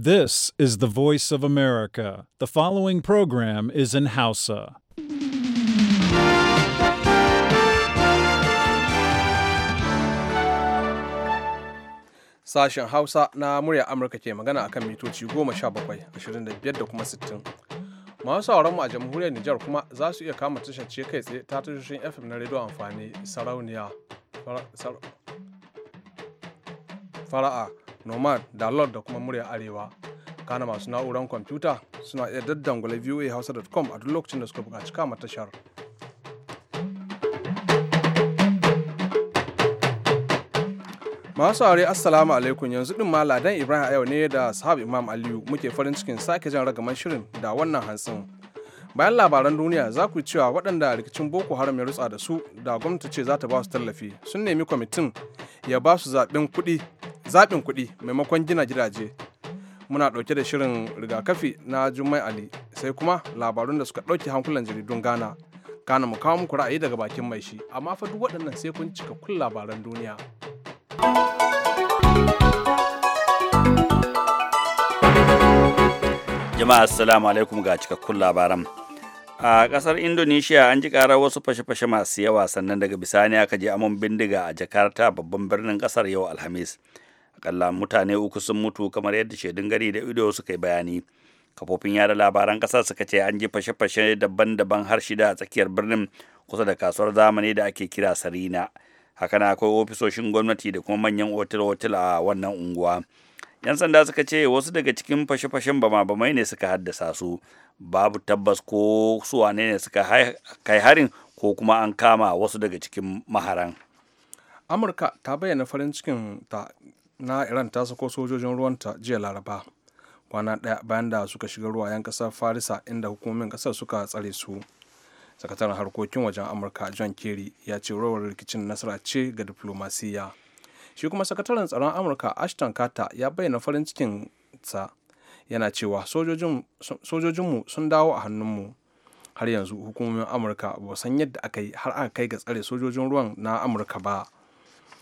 This is the voice of America. The following program is in Hausa. Sashen Hausa na murya Amurka ke magana akan mitoci 17, 25 da kuma 60. Masu sauran mu a jamhuriyar Nijar kuma za su iya kama tashar ce kai tsaye ta tashoshin FM na rediyo amfani sarauniya fara'a nomad da lord da kuma murya arewa kana masu na'urar kwamfuta suna iya daddangula hausa.com a duk lokacin da suka buƙaci kama tashar masu aure assalamu alaikum yanzu din ma ladan ibrahim yau ne da sahab imam aliyu muke farin cikin sake jan ragaman shirin da wannan hantsin bayan labaran duniya za ku cewa waɗanda rikicin boko haram ya rutsa da su da gwamnati ce za ta ba su tallafi sun nemi kwamitin ya ba su zaɓen kuɗi zaɓin kuɗi maimakon gina gidaje muna ɗauke da shirin rigakafi na jummai ali sai kuma labarun da suka ɗauke hankulan jaridun ghana ghana mu kawo muku ra'ayi daga bakin mai shi amma fa duk waɗannan sai kun cika kun labaran duniya jama'a assalamu alaikum ga cikakkun labaran a kasar indonesia an ji karar wasu fashe-fashe masu yawa sannan daga bisani aka je amon bindiga a jakarta babban birnin kasar yau alhamis akalla mutane uku sun mutu kamar yadda shaidun gari da ido suka yi bayani kafofin yada labaran kasa suka ce an ji fashe-fashe daban-daban har shida a tsakiyar birnin kusa da kasuwar zamani da ake kira sarina haka na akwai ofisoshin gwamnati da kuma manyan otel-otel a wannan unguwa yan sanda suka ce wasu daga cikin fashe-fashen bama-bamai ne suka haddasa su babu tabbas ko suwane ne suka kai harin ko kuma an kama wasu daga cikin maharan amurka ta bayyana farin cikin ta na iran ta sako sojojin ruwanta jiya laraba kwana ɗaya bayan da suka shiga ruwa yan ƙasar farisa inda hukumomin ƙasar suka tsare su sakataren harkokin wajen amurka john kerry ya ce rawar rikicin nasara ce ga diplomasiya shi kuma sakataren tsaron amurka ashton carter ya bayyana farin cikin sa yana cewa sojojinmu sun dawo a hannunmu har yanzu hukumomin amurka ba san yadda aka yi har aka kai ga tsare sojojin ruwan na amurka ba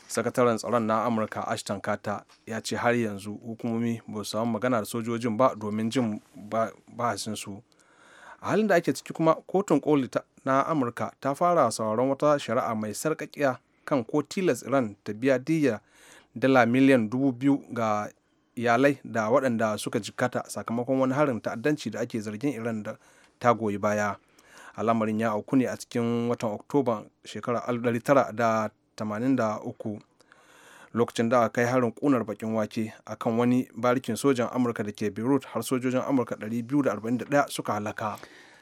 sakataren tsaron na amurka ashton kata ya ce har yanzu hukumomi ba su samu magana da sojojin ba domin jin bahasinsu a halin da ake ciki kuma kotun koli na amurka ta fara sauraron wata shari'a mai sarkakiya kan ko tilas iran ta biya diya dala miliyan dubu biyu ga iyalai da waɗanda suka jikkata sakamakon wani harin ta'addanci da ake zargin iran da ta goyi baya al'amarin ya auku ne a cikin watan oktoba shekarar 1900 83 lokacin da aka kai harin kunar bakin wake a kan wani barikin sojan amurka da ke beirut har sojojin amurka 241 suka halaka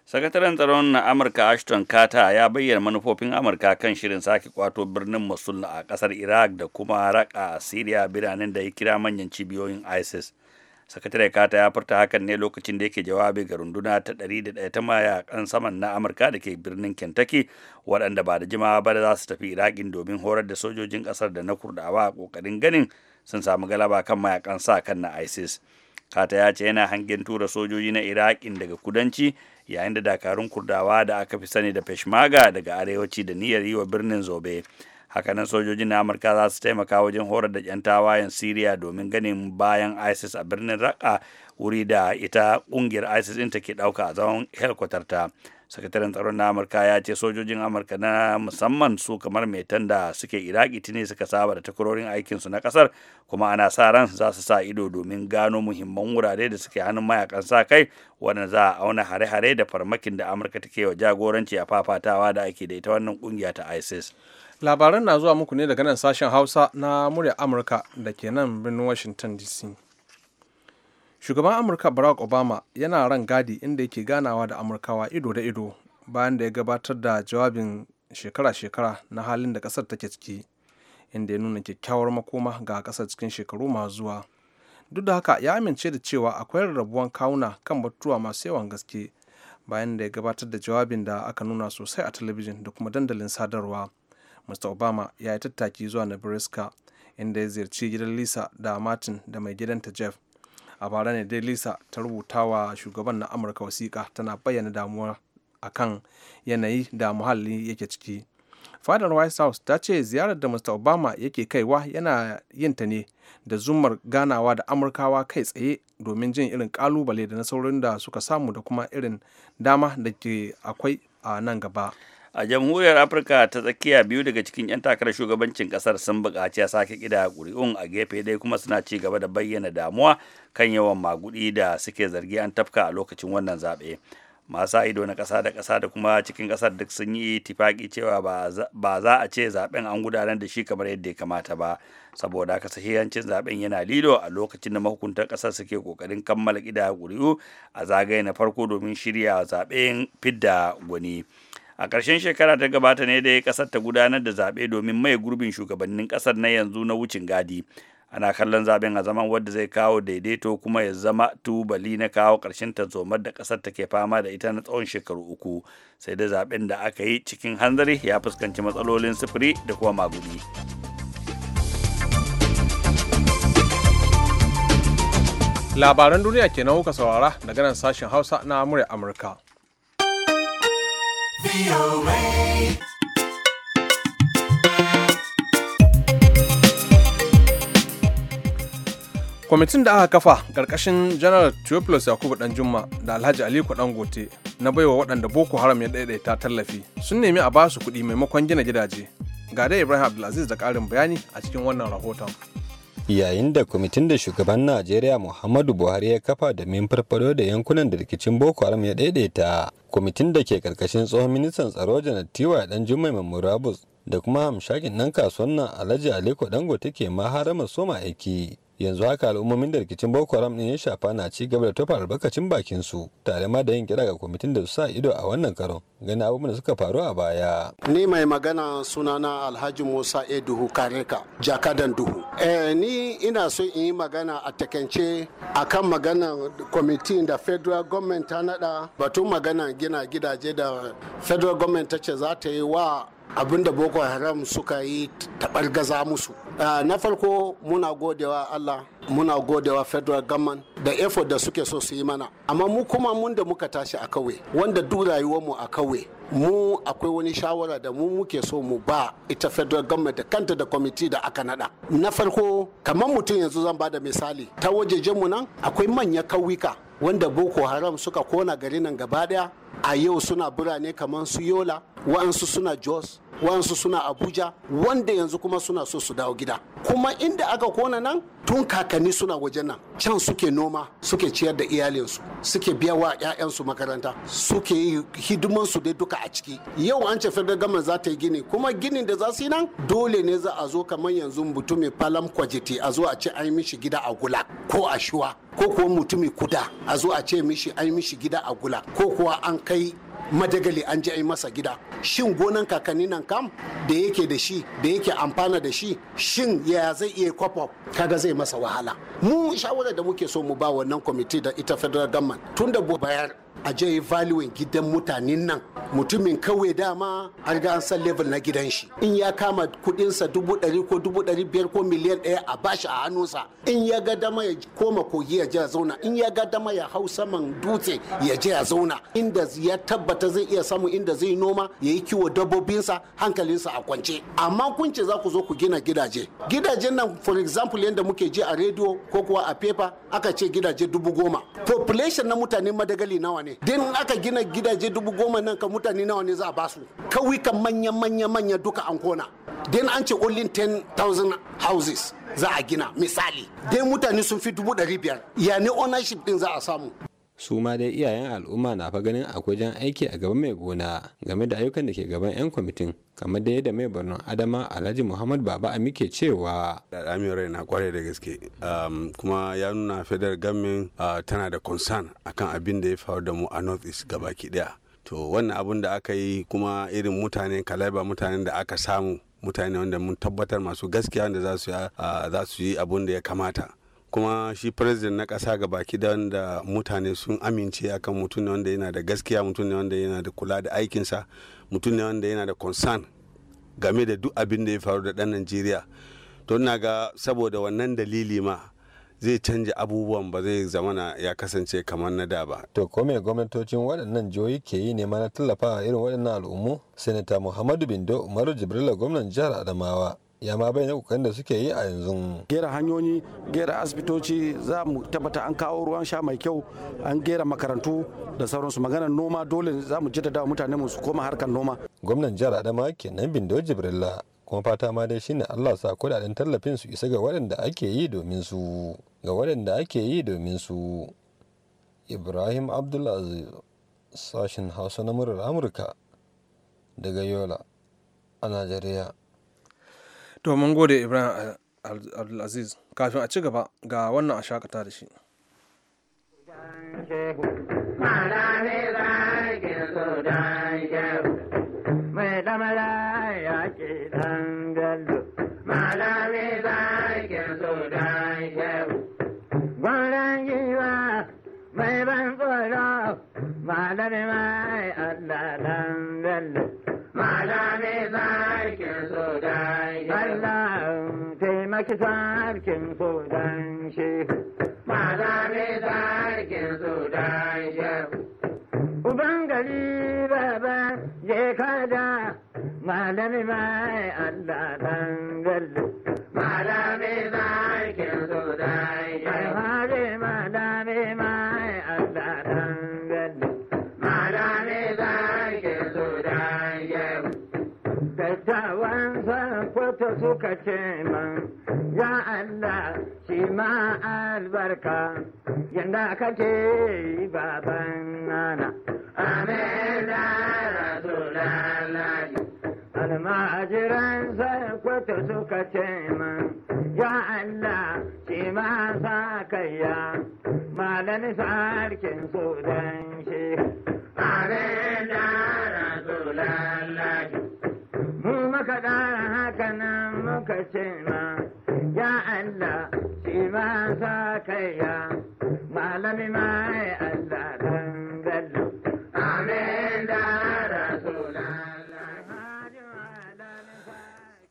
sakataren tsaron na amurka ashton kata ya bayyana manufofin amurka kan shirin sake kwato birnin mosul a kasar iraq da kuma raka a syria biranen da ya kira manyan cibiyoyin isis sakatare kata ya furta hakan ne lokacin da yake jawabi ga runduna ta ɗaya ta mayakan saman na amurka da ke birnin kentucky waɗanda ba da jimawa ba da za su tafi iraƙin domin horar da sojojin ƙasar da na kurdawa a ƙoƙarin ganin sun samu galaba kan mayakan sa kan na isis kata ya ce yana hangen tura sojoji na iraƙin daga kudanci yayin da dakarun kurdawa da aka fi sani da peshmerga daga arewaci da niyyar yi wa birnin zobe hakanan sojojin na amurka za su taimaka wajen horar da 'yan tawayen siriya domin ganin bayan isis a birnin raqqa wuri da ita kungiyar isis ɗin take ɗauka a zaman ta. sakataren tsaron na amurka ya ce sojojin amurka na musamman su kamar mai tanda suke iraki tuni suka saba da takwarorin aikinsu na kasar kuma ana sa ran za su sa ido domin gano muhimman wurare da suke hannun mayakan sa kai wanda za a auna hare-hare da farmakin da amurka take wa jagoranci a fafatawa da ake da ita wannan kungiya ta isis labaran na zuwa muku ne daga nan sashen hausa na murya amurka da ke nan birnin washington dc shugaban amurka barack obama yana ran gadi inda yake ganawa da amurkawa ido da ido bayan da ya gabatar da jawabin shekara-shekara na halin da kasar take ciki inda ya nuna kyakkyawar makoma ga kasar cikin shekaru masu zuwa duk da haka ya amince da cewa akwai rarrabuwan kawuna kan batutuwa masu yawan gaske bayan da ya gabatar da jawabin da aka nuna sosai a talabijin da kuma dandalin sadarwa mr obama ya yi tattaki zuwa nebraska inda ya ziyarci gidan lisa da martin da mai gidanta jeff a bara ne dai lisa ta rubuta wa shugaban na amurka wasiƙa tana bayyana damuwa a kan yanayi da muhalli yake ciki fadar white house ta ce ziyarar da mr obama yake kaiwa yana yin ta ne da zumar ganawa da amurkawa kai tsaye domin jin irin kalubale da na saurin da suka samu da kuma irin dama da ke akwai a nan gaba a jamhuriyar afirka ta tsakiya biyu daga cikin 'yan takarar shugabancin kasar sun buƙaci a sake ƙida ƙuri'un a gefe dai kuma suna ci gaba da bayyana damuwa kan yawan maguɗi da suke zargi an tafka a lokacin wannan zaɓe masu ido na ƙasa da ƙasa da kuma cikin ƙasar duk sun yi tifaƙi cewa ba za a ce zaɓen an gudanar da shi kamar yadda ya kamata ba saboda haka sahihancin zaɓen yana lido a lokacin da mahukuntar ƙasar suke ƙoƙarin kammala gida ƙuri'u a zagaye na farko domin shirya zaɓen fidda gwani. a ƙarshen shekara ta gabata ne dai ƙasar ta gudanar da zaɓe domin mai gurbin shugabannin ƙasar na yanzu na wucin gadi ana kallon zaɓen a zaman wadda zai kawo daidaito kuma ya zama tubali na kawo ƙarshen tazomar da ƙasar take fama da ita na tsawon shekaru uku sai da zaɓen da aka yi cikin hanzari ya fuskanci matsalolin sufuri da kuma magudi labaran duniya kenan kuka saurara daga nan sashen hausa na murya amurka kwamitin da aka kafa ƙarƙashin janar theophilus yakubu juma da alhaji aliko dangote na baiwa waɗanda boko haram ya ɗaiɗaita tallafi sun nemi a basu kuɗi maimakon gina gidaje ga dai ibrahim abdulaziz da ƙarin bayani a cikin wannan rahoton yayin da kwamitin da shugaban najeriya muhammadu buhari ya kafa da min farfado da yankunan da rikicin boko haram ya daidaita kwamitin da ke karkashin tsohon ministan tsaro janar tiwa dan jumai mamurabus da kuma hamshakin nan kasuwan nan alhaji aliko dangote ke ma haramar soma aiki yanzu haka al'ummomin da rikicin boko haram ɗin ya shafa na ci gaba da tofa albarkacin bakin su tare ma da yin kira ga kwamitin da su sa ido a wannan karon gani abubuwan da suka faru a baya ni mai magana sunana alhaji musa e duhu kareka jakadan duhu eh, ni ina so in yi magana a takance kan magana kwamitin da federal government ta nada batun magana gina gidaje da federal government ta ce za ta yi wa abinda boko haram suka yi taɓar gaza musu Ah, na farko muna godewa allah muna godewa federal government da effort da suke so su yi mana amma mu kuma mun da muka tashi a kauye wanda duk rayuwarmu a kauye mu akwai wani shawara da mu muke so mu ba ita federal government da kanta da committee da aka nada na farko kamar mutum yanzu zan ba da misali ta mu nan akwai manya kauyuka wanda boko haram suka kona gari nan gaba daya a yau suna birane kamar su yola wa'ansu suna jos wansu suna abuja wanda yanzu kuma suna so su dawo gida kuma inda aka kona nan tun kakanni suna wajen nan can suke noma suke ciyar da iyalinsu suke biya wa 'ya'yansu makaranta suke yi hidimansu dai duka a ciki yau an ce federal gama za ta yi gini kuma ginin da za su yi nan dole ne za a zo kamar yanzu mutumin palam kwajiti a zo a ce an yi mishi gida a gula ko a shuwa ko kuwa mutumin kuda a zo a ce mishi an yi mishi gida a gula ko kuwa an kai madagali an ji ai masa gida shin gonan kakanni nan kam da yake da shi da yake amfana da shi shin ya zai iya kwafa kaga zai masa wahala mu shawarar da muke so mu ba wannan kwamiti da ita federal government tun da bayar a je valuing gidan mutanen nan mutumin kawai dama an ga an san level na gidan shi in ya kama kudinsa dubu ɗari ko dubu ɗari biyar ko miliyan ɗaya a bashi a hannun sa. in ya ga dama ya koma kogi ya je ya zauna in ya ga dama ya hau saman dutse ya je ya zauna inda ya tabbata zai iya samu inda zai noma ya yi kiwo dabbobinsa hankalinsa a kwance amma kun ce za ku zo ku gina gidaje gidajen nan for example yadda muke ji a rediyo ko kuwa a paper aka ce gidaje dubu goma population na mutanen madagali nawa ne din aka gina gidaje dubu goma nan ka mutane nawa ne za a basu kauyukan manya manya manya duka an kona din an ce only 10,000 houses za a gina misali dai mutane sun fi dubu 500 biyar ya ne ownership din za a samu su ma dai iyayen al'umma na fa ganin akwai jan aiki a gaban mai gona game da ayyukan da ke gaban 'yan kwamitin kamar da yadda mai barnon adama alhaji muhammad baba a muke cewa da dami rai na kware da gaske um, kuma ya nuna federal gamin uh, tana da concern akan abin da ya faru da mu a north east gaba daya to wannan abun da aka yi kuma irin mutane kalaiba mutanen da aka samu mutane wanda mun tabbatar masu gaskiya wanda za su uh, yi abin da ya kamata kuma shi president na kasa ga baki da wanda mutane sun amince akan mutum ne wanda yana da gaskiya mutum ne wanda yana da kula da aikinsa mutum ne wanda yana da concern game da duk abin da ya faru da dan najeriya to na ga saboda wannan dalili ma zai canja abubuwan ba zai zamana ya kasance kamar na da ba. To ko me gwamnatocin waɗannan jihohi ke yi ne mana tallafawa irin waɗannan al'ummu? senator Muhammadu Bindo Umaru Jibrila gwamnan jihar Adamawa ya ma bayyana kokarin da suke yi a yanzu gera hanyoyi gera asibitoci za mu tabbata an kawo ruwan sha mai kyau an gera makarantu da sauransu maganar noma dole za mu jaddada mutane mu su koma harkar noma gwamnan jihar adama kenan bindo jibrilla kuma fata ma dai shine Allah sa kudaden tallafin su isa ga waɗanda ake yi domin su ga waɗanda ake yi domin su Ibrahim Abdulaziz sashin Hausa na murar Amurka daga Yola a Najeriya To mun gode Ibrahim eh, Abdulaziz kafin a ci gaba ga wannan a shakata da shi. taimaki sarkin sudan shehu. Malami sarkin sudan shi. Uban gari baba je kada malami mai Allah dan gallo. Malami sarkin sudan shehu. Malami mai Allah dan gallo. Malami sarkin sudan da Dattawan san kwata suka ce man albarka yanda kake baban nana amin da rasulallahi almajiran sai kwato suka ce min ya Allah shi ma sa kayya malami sarkin sudan shi amin da rasulallahi mu maka haka hakanan muka ce min mai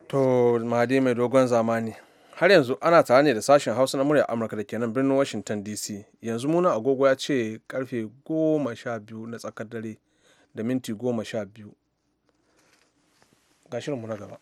To Mahadi mai dogon zamani har yanzu ana tare ne da sashen hausa na murya amurka da kenan birnin washington dc yanzu muna agogo ya ce karfe goma sha biyu na tsakar dare da minti goma sha biyu ga shirinmu na gaba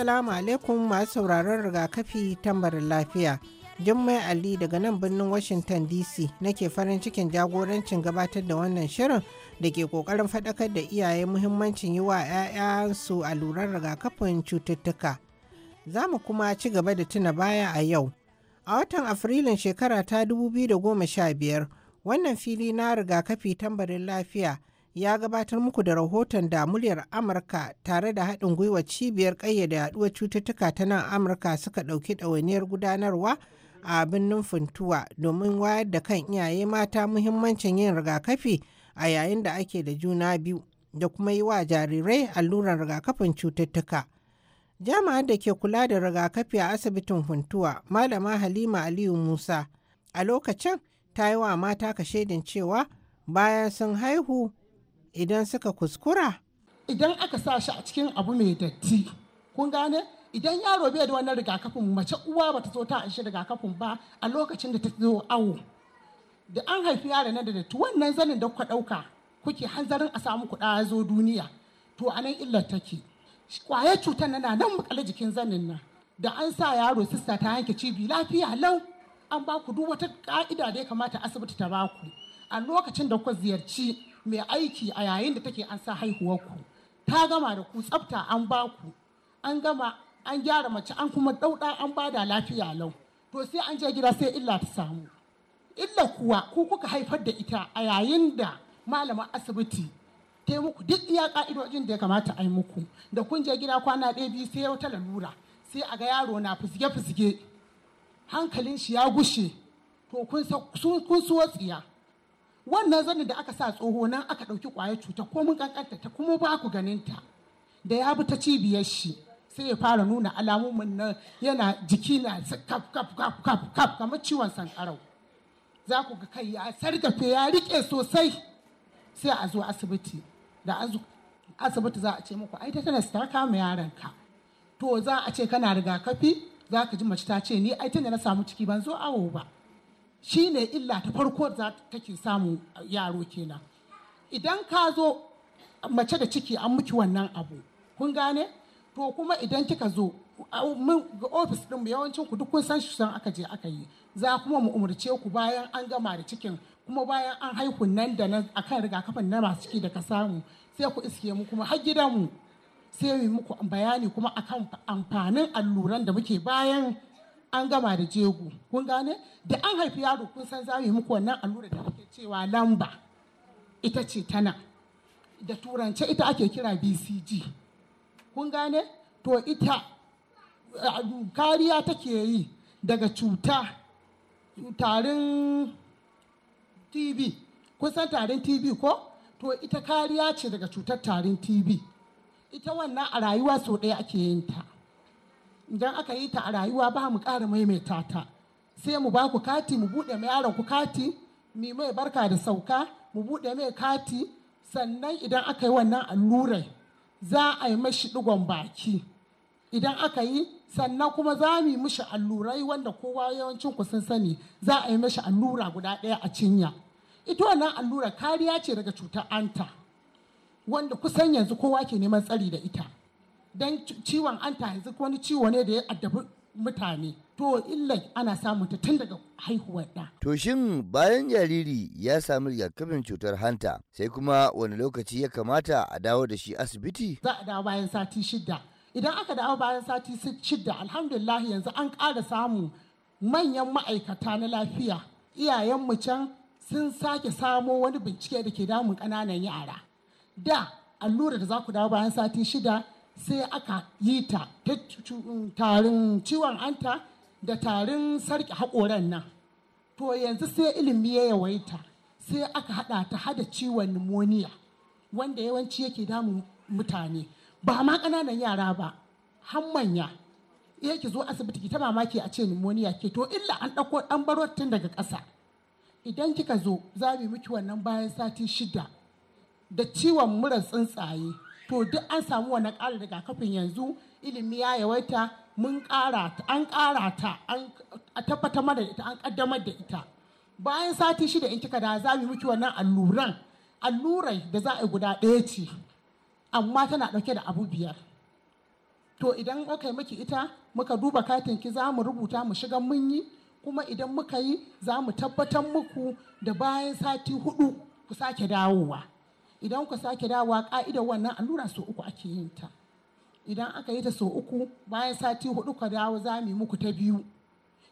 Assalamu alaikum masu sauraron rigakafi tambarin lafiya. Jummai Ali daga nan birnin Washington DC nake farin cikin jagorancin gabatar da wannan shirin da ke kokarin faɗakar da iyaye muhimmancin yi wa a lurar rigakafin cututtuka. Za mu kuma ci gaba da tuna baya a yau. A watan Afrilun shekara ta 2015, wannan fili na rigakafi tambarin lafiya ya gabatar muku da rahoton da muryar Amurka tare da haɗin gwiwa cibiyar ƙayyade yaɗuwar cututtuka ta nan Amurka suka ɗauki ɗawainiyar gudanarwa a birnin Funtuwa domin wayar da kan iyaye mata muhimmancin yin rigakafi a yayin da ake da juna biyu da kuma yi wa jarirai alluran rigakafin cututtuka. Jami'ar da ke kula da rigakafi a asibitin Funtuwa, Malama Halima Aliyu Musa, a lokacin ta yi wa mata shaidin cewa bayan sun haihu idan suka kuskura? Idan aka sa shi a cikin abu mai datti, kun gane? Idan yaro bai da wannan rigakafin mace uwa ba ta zo ta shi rigakafin ba a lokacin da ta zo awo. Da an haifi yaro na da datti wannan zanin da kuka ɗauka kuke hanzarin a samu kuɗa ya zo duniya. To a nan illar take. Kwayar cutar nan nan makale jikin zanin nan. Da an sa yaro sista ta yanke cibi lafiya lau an ba ku duk wata ka'ida da ya kamata asibiti ta ba ku. A lokacin da kuka ziyarci mai aiki a yayin da take an sa haihuwarku ta gama da ku tsafta an ba ku an gama an gyara mace an kuma dauɗa an ba da lafiya lau to sai an je gida sai illa ta samu illa kuwa ku kuka haifar da ita a yayin da malaman asibiti ta muku duk iya ka'idojin da ya kamata a yi muku da kun je gida kwana ɗaya biyu sai wata lalura sai a ga yaro na fizge-fizge hankalin shi ya gushe to kun so tsiya wannan zanin da aka sa tsoho nan aka ɗauki ƙwayar cuta ko mun kankanta ta kuma ba ku ganin ta da ya bi ta cibiyar shi sai ya fara nuna alamomin nan yana jiki na kaf kaf kaf kaf kaf kamar ciwon sankarau za ku ga kai ya sargafe ya rike sosai sai a zo asibiti da asibiti za a ce muku ai tetanus ta kama ka to za a ce kana rigakafi za ka ji mace ta ce ni ai da na samu ciki ban zo awo ba shi ne illa ta farko da ke samu uh, yaro kenan idan ka zo uh, mace da ciki an muki wannan abu kun gane to kuma idan kika zo uh, ga ofis ɗinmu yawancin ku duk kun san shi san aka je aka yi za kuma mu umarce ku bayan an gama da cikin kuma bayan an haihu nan da nan akan rigakafin na masu ciki da ka samu sai ku iske mu kuma har gidanmu sai mu muku bayani kuma akan amfanin alluran da muke bayan an gama da jego kun gane da an haifi yaro kun san za mu yi muku wannan allura da ake cewa lamba ita ce tana da turance ita ake kira bcg kun gane to ita eh, kariya take yi daga cuta tarin tb kun san tarin tb ko to ita kariya ce daga cutar tarin T.V. ita wannan a rayuwa sau ɗaya ake yin ta idan aka yi ta a rayuwa ba mu ƙara maimaita ta sai mu ba ku kati mu buɗe mai yaron ku kati mu mai barka da sauka mu buɗe mai kati sannan idan aka yi wannan allurai za a yi mashi ɗigon baki idan aka yi sannan kuma za mu yi mishi allurai wanda kowa yawancin ku sun sani za a yi mashi allura guda ɗaya a cinya ita wannan allura kariya ce daga cutar anta wanda kusan yanzu kowa ke neman tsari da ita don ciwon anta yanzu wani ciwo ne da ya addabi mutane to illa ana samun ta tun daga haihuwar da. To shin bayan jariri ya sami rigakafin cutar hanta sai kuma wani lokaci ya kamata a dawo da shi asibiti? Za a dawo bayan sati shida. Idan aka dawo bayan sati shida alhamdulillah yanzu an ƙara samu manyan ma'aikata na lafiya iyayen mu can sun sake samo wani bincike da ke damun ƙananan yara. Da allura da za ku dawo bayan sati shida sai aka yi ta mm, tarin ciwon anta da tarin sarki haƙoran nan to yanzu sai ilimi ya yawaita sai aka haɗa ta hada ciwon pneumonia wanda yawanci yake damun mutane ba ma ƙananan yara ba har manya iya ki zo asibiti ki ta mamaki a ce pneumonia ke to illa an ɗauko ɗan baro daga ƙasa idan kika zo za mu miki wannan bayan sati shida da ciwon mura tsuntsaye to duk an samu wannan daga rigakafin yanzu ilimi ya yawaita mun ƙara an ƙara ta an tabbatar mana ita an ƙaddamar da ita bayan sati shida in kika da za mu miki wannan alluran allurai da za a yi guda ɗaya ce amma tana ɗauke da abu biyar to idan aka yi miki ita muka duba katin ki za mu rubuta mu shiga mun yi kuma idan muka yi za mu tabbatar muku da bayan sati hudu ku sake dawowa idan ku sake dawowa ka'idar wannan allura sau uku ake yin ta idan aka yi ta sau uku bayan sati hudu ka dawo za mu yi muku ta biyu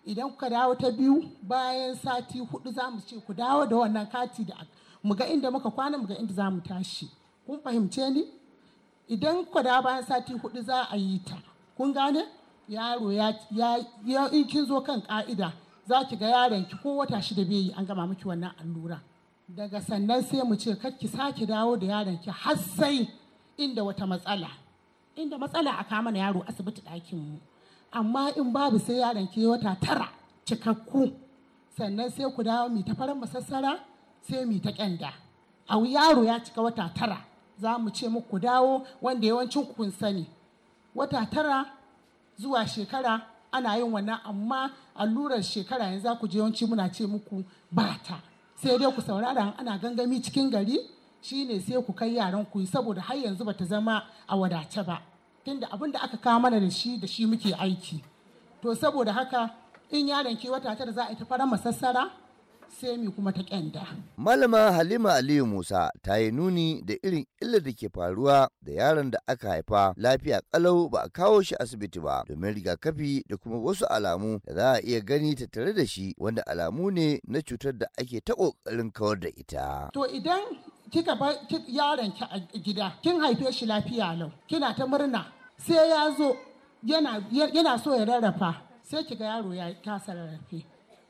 idan kuka dawo ta biyu bayan sati hudu za mu ce ku dawo da wannan kati da mu ga inda muka kwana mu ga inda za mu tashi kun fahimce ni idan kuka dawo bayan sati hudu za a yi ta kun gane yaro ya in kin zo kan ka'ida za ki ga yaron ki ko wata shida bai yi an gama miki wannan allura daga sannan sai mu ce ki sake dawo da yaron ki har sai inda wata matsala inda matsala a kama na yaro asibiti ɗakin mu amma in babu sai yaron ki wata tara cikakku sannan sai ku dawo mi ta farin masassara sai mi ta kyanda a yaro ya cika wata tara za mu ce muku dawo wanda yawancin kun sani wata tara zuwa shekara ana yin wannan amma allurar shekara yanzu za ku je yawanci muna ce muku ba ta sai dai ku saurara ana gangami cikin gari shine sai ku kai yaran ku saboda har yanzu bata zama a wadace ba tunda abin da aka kawo mana da shi da shi muke aiki to saboda haka in yaron ke wata tara za a yi ta fara masassara semi kuma ta kyanda. Malama Halima Aliyu Musa ta yi nuni da irin illar da ke faruwa da yaron da aka haifa lafiya kalau ba a kawo shi asibiti ba domin rigakafi da kuma wasu alamu da za a iya gani ta tare da shi wanda alamu ne na cutar da ake ta kokarin kawar da ita. To idan kika bar yaron ki a gida kin haife shi lafiya lau kina ta murna sai ya zo yana so ya rarrafa sai kiga yaro ya kasa rarrafe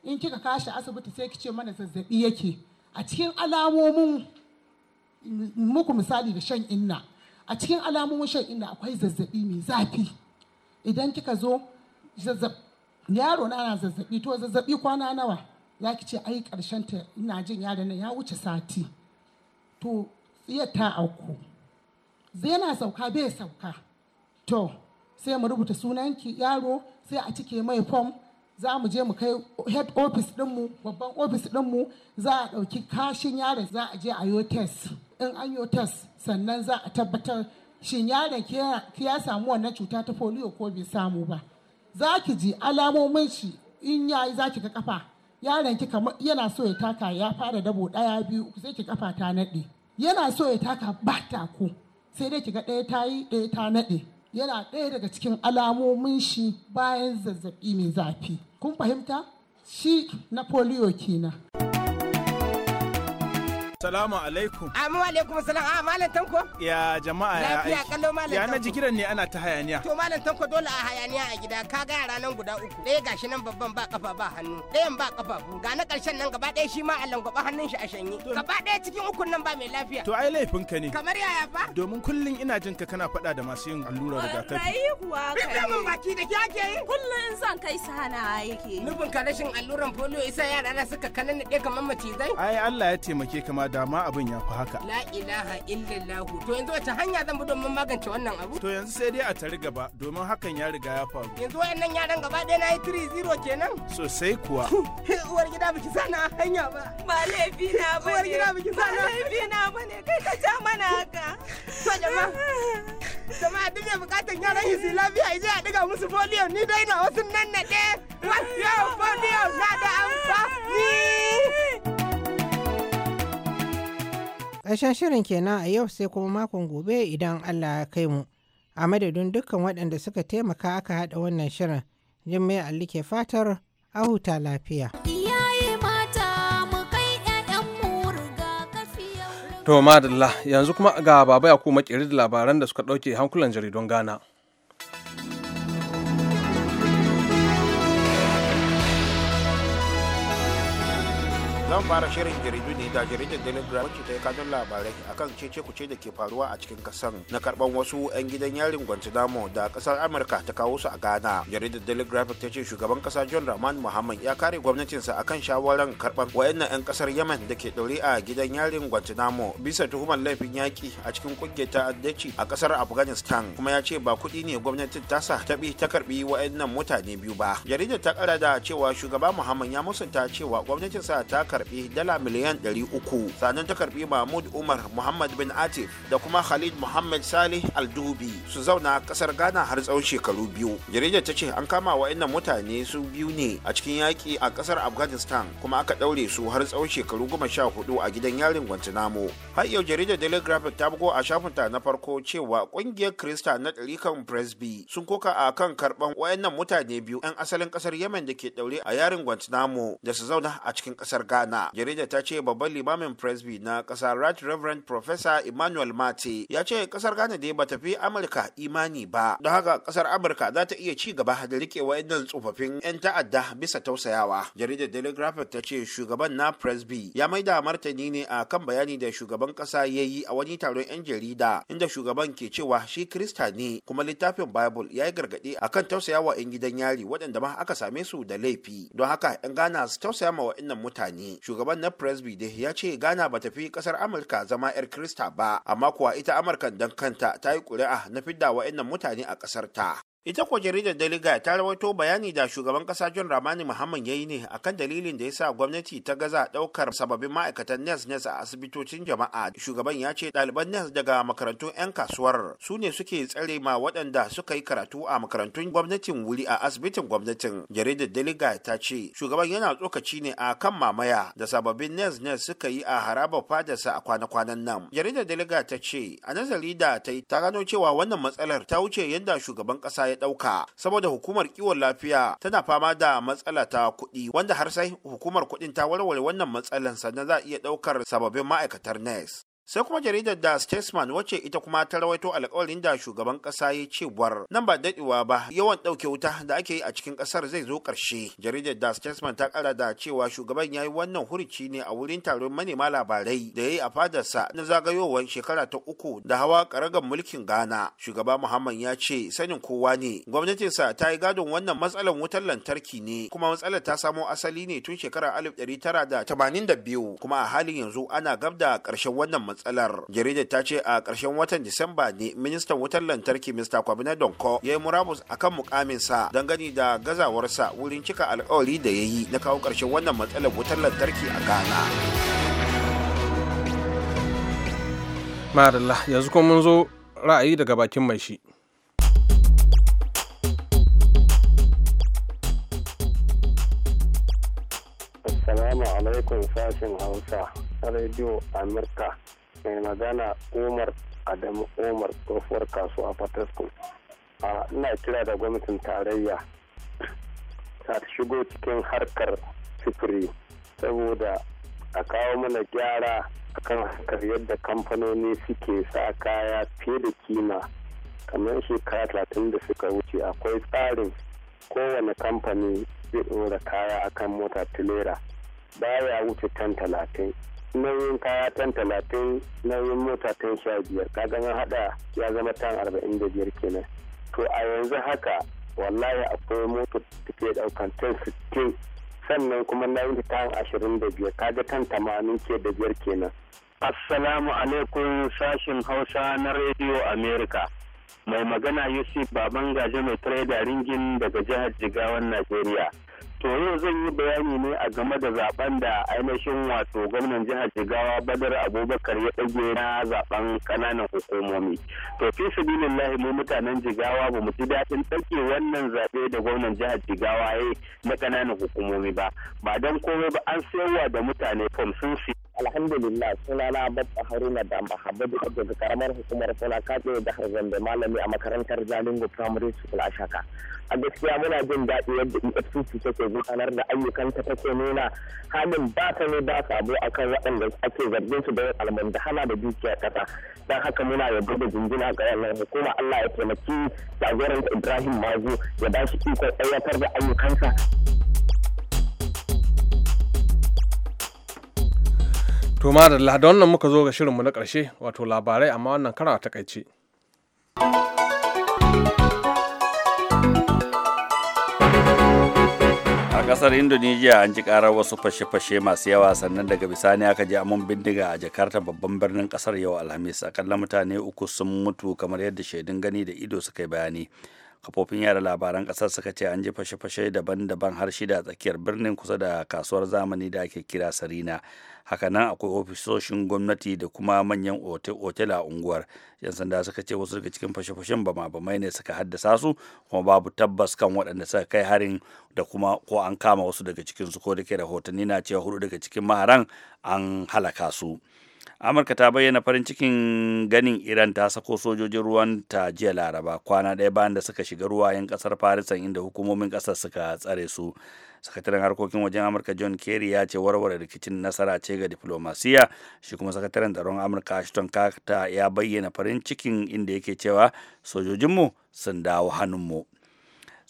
in kika kashi asibiti sai kice mana zazzabi yake a cikin alamomin muku misali da shan inna a cikin alamomin shan inna akwai zazzabi mai zafi idan kika zo yaro na na zazzabi to zazzabi kwana nawa za ki ce ai karshen ta ina jin yaron nan ya wuce sati to iya ta auku yana sauka bai sauka to sai mu rubuta sunanki yaro sai a cike mai fom za mu je mu kai head office dinmu babban office dinmu za a ɗauki kashin yaron za a je a yi test in an yi test sannan za a tabbatar shin yaron ya samu wannan cuta ta polio ko bai samu ba za ki ji alamomin shi in ya yi za ki ga kafa yaron ki kamar yana so ya taka ya fara dabo ɗaya biyu sai ki kafa ta nade yana so ya taka ba ko sai dai ki ga ɗaya ta yi ɗaya ta nade yana ɗaya daga cikin alamomin shi bayan zazzabi mai zafi kun fahimta shi na polio kina Salamu alaikum. Amma alaikum salam. A ah, malam tanko? Ya jama'a ya aiki. Lafiya kallo malam tanko. Ya na jikiran ne ana ta hayaniya. To malam tanko dole a hayaniya a gida ka ga yara nan guda uku. Ɗaya gashi nan babban ba kafa ba hannu. Ɗayan ba bu. Ga na ƙarshen nan gaba ɗaya shi ma a langwaba hannun shi a shanye. Gaba ɗaya cikin ukun nan ba mai lafiya. To ai laifin ka ne. Kamar yaya fa? Domin kullum ina jin ka kana faɗa da masu yin allurar rigakafi. Rayi kuwa kai. Bibiya mun baki da kyake yi. Kullum in zan kai sana yake. Nufin ka rashin alluran polio isa yara na suka kanana ne kamar macizai. Ai Allah ya taimake kama dama abin ya fi haka la ilaha illallahu to yanzu wace hanya zan bi domin magance wannan abu to yanzu sai dai a tari gaba domin hakan ya riga ya faru yanzu wayannan yaran gaba ɗaya na yi tiri 0 kenan sosai kuwa uwar gida biki sana hanya ba ba laifi na bane uwar gida biki sana laifi na ne kai ka ja mana haka to jama. Jama duk mai bukatar yaran yi su lafiya ya je a ɗiga musu foliyo ni dai na wasu nan na ɗaya Masu yau foliyo na da amfani Ƙarshen shirin kenan a yau sai kuma makon gobe idan Allah ya kai mu. A madadin dukkan waɗanda suka taimaka aka haɗa wannan shirin, Jummai alli ke fatar a huta lafiya. To madalla yanzu kuma ga baba ya kuma da labaran da suka ɗauke hankulan jaridun Ghana. zan fara shirin jaridu ne da jaridar telegram wacce ta yi kanun labarai akan cece kuce da ke faruwa a cikin kasan na karban wasu 'yan gidan yarin guantanamo da kasar amurka ta kawo su a ghana jaridar telegram ta ce shugaban kasa john rahman muhammad ya kare gwamnatinsa akan shawaran karban wayannan 'yan kasar yemen da ke ɗaure a gidan yarin guantanamo bisa tuhumar laifin yaƙi a cikin kungiyar ta'addaci a kasar afghanistan kuma ya ce ba kuɗi ne gwamnatin tasa taɓi ta karɓi wayannan mutane biyu ba jaridar ta kara da cewa shugaba muhammad ya musanta cewa gwamnatinsa ta karbi karbi dala miliyan 300 sannan ta karbi mahmud umar muhammad bin atif da kuma khalid muhammad salih aldubi su zauna kasar ghana har tsawon shekaru biyu jaridar ta ce an kama wa'annan mutane su biyu ne a cikin yaƙi a kasar afghanistan kuma aka ɗaure su har tsawon shekaru goma sha hudu a gidan yarin guantanamo har yau jaridar daily graphic ta bugo a shafinta na farko cewa ƙungiyar krista na ɗarikan presby sun koka a kan karɓan wa'annan mutane biyu 'yan asalin ƙasar yemen da ke ɗaure a yarin guantanamo da su zauna a cikin ƙasar ghana Ghana. Jarida ta ce babban limamin Presby na kasar Right Reverend Professor Emmanuel Mate ya ce ƙasar Ghana dai ba tafi Amurka imani ba. Don haka ƙasar Amurka za ta iya ci gaba da riƙe waɗannan tsofaffin 'yan ta'adda bisa tausayawa. Jarida Telegraph ta ce shugaban na Presby ya maida martani ne a kan bayani da shugaban ƙasa ya yi a wani taron 'yan jarida inda shugaban ke cewa shi Kirista ne kuma littafin Bible ya yi gargaɗi kan tausayawa 'yan gidan yari waɗanda ma aka same su da laifi. Don haka 'yan Ghana su tausaya ma waɗannan mutane. shugaban na presby da ya ce ghana ba ta fi kasar amurka zama 'yar krista ba amma kuwa ita amurkan don kanta ta yi kuri'a na fidda wa'annan mutane a kasar ta ita kuwa jaridar daliga ta rawaito bayani da shugaban kasa john ramani muhammad ya yi ne akan dalilin da ya sa gwamnati ta gaza daukar sababbin ma'aikatan nes nes a asibitocin jama'a shugaban ya ce ɗaliban nes daga makarantun 'yan kasuwar su ne suke tsare ma waɗanda suka yi karatu a makarantun gwamnatin wuri a asibitin gwamnatin jaridar daliga ta ce shugaban yana tsokaci ne a kan mamaya da sababbin nes nes suka yi a harabar fadarsa a kwana-kwanan nan jaridar daliga ta ce a nazari da ta yi ta gano cewa wannan matsalar ta wuce yadda shugaban kasa ya ɗauka saboda hukumar kiwon lafiya tana fama da matsala ta kuɗi wanda har sai hukumar kuɗin ta warware wannan matsalan sannan za a iya ɗaukar sababbin ma'aikatar nes sai kuma jaridar da statesman wacce ita kuma ta rawaito alkawarin da shugaban kasa ya cewar nan ba dadewa ba yawan dauke wuta da ake yi a cikin kasar zai zo karshe jaridar da statesman ta kara da cewa shugaban ya yi wannan hurici ne a wurin taron manema labarai da ya yi a fadarsa na zagayowar shekara ta uku da hawa karagar mulkin ghana shugaba muhammad ya ce sanin kowa ne gwamnatinsa ta yi gadon wannan matsalar wutar lantarki ne kuma matsalar ta samo asali ne tun shekarar 1982 kuma a halin yanzu ana gabda da karshen wannan matsalar jaridar ta ce a ƙarshen watan disamba ne ministan wutar lantarki mr kwabina donko ya yi murabus a kan mukaminsa dangane da gazawarsa wurin cika alkawari da ya yi na kawo ƙarshen wannan matsalar wutar lantarki a ghana madalla yanzu kuma mun zo ra'ayi daga bakin mai shi Assalamu alaikum sashen Hausa, Radio Amurka. mai magana umar adamu umar tsohuwar kasuwa fatasku a ina kira da gwamnatin tarayya ta shigo cikin harkar sufuri saboda a kawo mana gyara akan harkar yadda kamfanoni suke sa kaya fiye da kima kamar shekara talatin da suka wuce akwai tsarin kowane kamfani zai ɗora kaya akan mota tilera baya wuce kan talatin nauyin kaya tan talatin nauyin mota tan sha biyar ka gama hada ya zama tan arba'in da biyar kenan to a yanzu haka wallahi akwai motar da ke daukan tan sittin sannan kuma nauyin ta tan ashirin da biyar kaga tan tamanin ke da biyar kenan assalamu alaikum sashin hausa na rediyo america mai magana yusuf baban gaje mai da ringin daga jihar jigawan najeriya To yau zan yi bayani ne a game da zaben da ainihin wato gwamnan jihar Jigawa Badar Abubakar ya ɗage na zaben kananan hukumomi. To fi sabilillahi mu mutanen Jigawa ba mu ji daɗin ɗauke wannan zaɓe da gwamnan jihar Jigawa ya na kananan hukumomi ba. Ba don komai ba an sayarwa da mutane fom sun fi alhamdulillah suna na babba haruna da mahabbadu daga karamar hukumar suna katse jihar zambe malami a makarantar jalingo primary school a shaka a gaskiya muna jin daɗi yadda efcc take gudanar da ayyukanta take nuna halin ba ta ne ba sabo akan waɗanda ake zargin su da yin almandahana da dukiya ƙasa don haka muna yabo da jinjina ga wannan hukuma allah ya taimaki jagoranta ibrahim mazu ya ba shi ikon aiwatar da ayyukansa. To ma da wannan muka zo ga shirinmu na ƙarshe wato labarai amma wannan kara ta takaice. A ƙasar Indonesia an ji ƙarar wasu fashe-fashe masu yawa sannan daga bisani aka ji amon bindiga a Jakarta babban birnin ƙasar yau Alhamis. Akalla mutane uku sun mutu kamar yadda shaidun gani da ido suka yi bayani. kafofin yada labaran kasar suka ce an ji fashe-fashe daban-daban har shida a tsakiyar birnin kusa da kasuwar zamani da ake kira sarina hakanan akwai ofisoshin gwamnati da kuma manyan otel a unguwar yan sanda suka ce wasu daga cikin fashe-fashen bama bamai ne suka haddasa su kuma babu tabbas kan waɗanda suka kai harin da kuma ko an kama wasu daga cikin su ko da ke rahotanni na cewa hudu daga cikin maharan an halaka su. amurka ta bayyana farin cikin ganin iran ta sako sojojin ruwan ta jiya laraba kwana ɗaya bayan da suka shiga ruwayen ƙasar farisan inda hukumomin ƙasar suka tsare su sakataren harkokin wajen amurka john kerry ya ce warware rikicin nasara ce ga diplomasiya shi kuma sakataren tsaron amurka ashton carter ya bayyana farin cikin inda yake cewa sojojinmu sun dawo hannunmu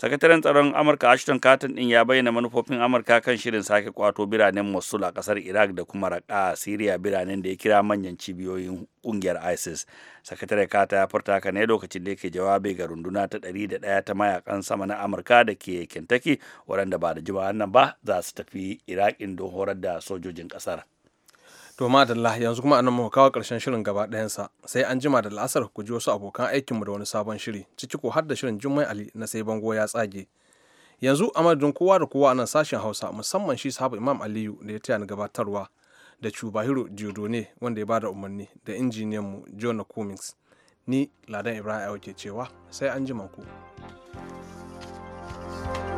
sakataren tsaron amurka ashton carter din ya bayyana manufofin amurka kan shirin sake kwato biranen mosul a kasar iraq da kuma raka a syria biranen da ya kira manyan cibiyoyin ƙungiyar isis sakatare kata ya furta haka ne lokacin da yake jawabi ga runduna ta ɗaya ta mayakan sama na amurka da ke kentucky waɗanda ba da jima'an nan ba za su tafi iraq don horar da sojojin ƙasar. To madalla yanzu kuma anan muka kawo ƙarshen shirin gaba ɗayansa sai an jima da la'asar ku ji wasu abokan aikinmu da wani sabon shiri ciki ko har da shirin Jummai Ali na sai bango ya tsage. Yanzu a madadin kowa da kowa anan sashen Hausa musamman shi sahabu Imam Aliyu da ya taya ni gabatarwa da cubahiro Diodone wanda ya ba da umarni da injiniyan mu Jonah Cummings. Ni Ladan Ibrahim ke cewa sai an jima ku. thank you